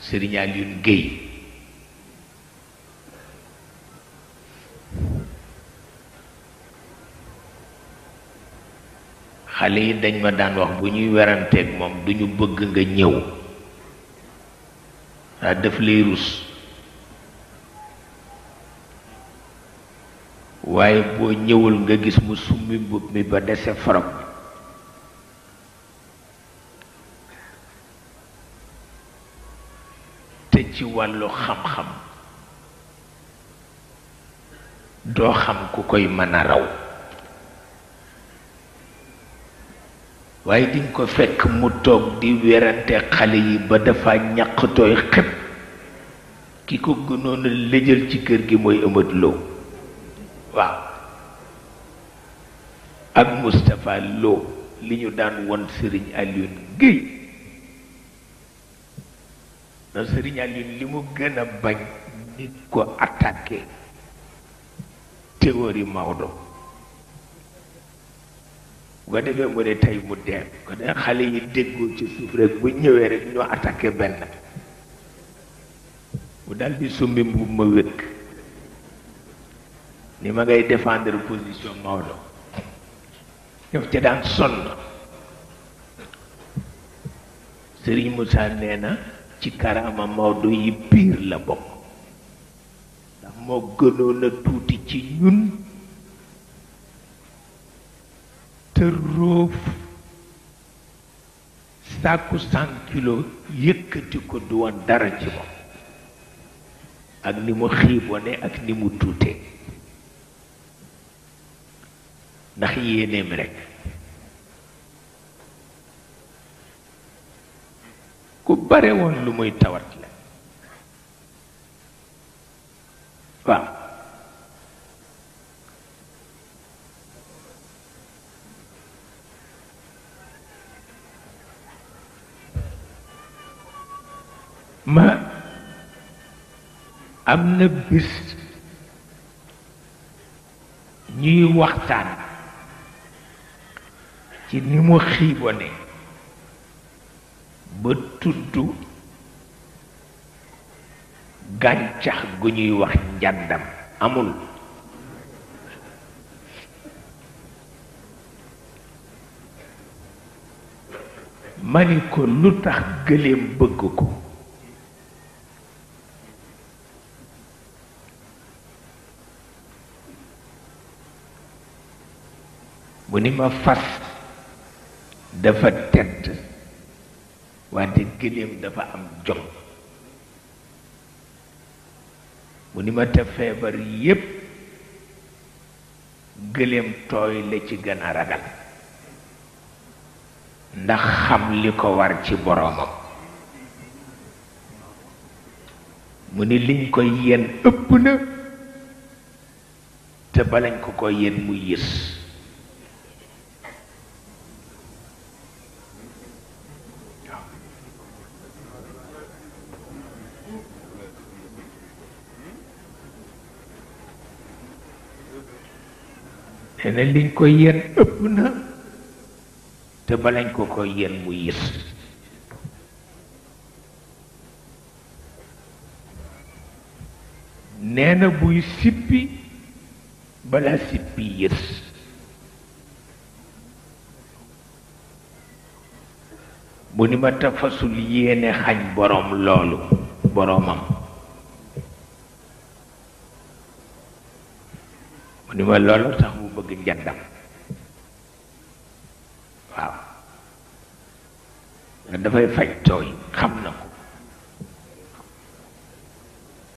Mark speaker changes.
Speaker 1: Serigne Alioune Guèye xale yi dañ ma daan wax bu ñuy weranteeg moom duñu bëgg nga ñëw ndax daf lay rus waaye boo ñëwul nga gis mu summi mbubb mi ba dese faram ci wàllu xam-xam doo xam ku koy mën a raw waaye diñ ko fekk mu toog di werante xale yi ba dafa ñaqtooy xëpp ki ko gënoon a lëjal ci kër gi mooy ëmat loo waaw ak Moustapha Lo li ñu daan won sëriñ Alioune Guèye ndax sëriñ Aliou li mu gën a bañ nit ko attaqué théorie Maodo bu ko defee mu ne tey mu dee ko de xale yi déggoo ci suuf rek bu ñëwee rek ñoo attaqué benn mu daldi di sumbi mbubb ma wékk ni ma ngay défendre position Maodo def ca daan sonn sëriñ Moussa nee na ci karaama Maodo yi biir la bokk ndax moo gënoon a tuuti ci ñun te róof sàkku cent kilo yëkkati ko du woon dara ci moom ak ni mu xiibone ak ni mu tuute ndax yéeneem rekk bare woon lu muy tawat la waaw ma am na bis ñuy waxtaan ci ni mu xiibone ba tudd gàncax gu ñuy wax njàddam amul ma ko lu tax gëléem bëgg ko mu ni ma fas dafa tedd wante gëléem dafa am jom mu ni ma te feebar yépp gëléem tooy la ci gën a ragal ndax xam li ko war ci boroomam mu ni liñ koy yenn ëpp na te balañ ko ko yenn mu yis te ne liñ koy yen ëpp na te balañ ko ko yen mu yës nee na buy sippi bala sippi yës mu ni ma tafasul yéene xañ borom loolu boroomam mu ni ma loolu tax quân nhân dân đâu wow. nên nó phải phải rồi không đâu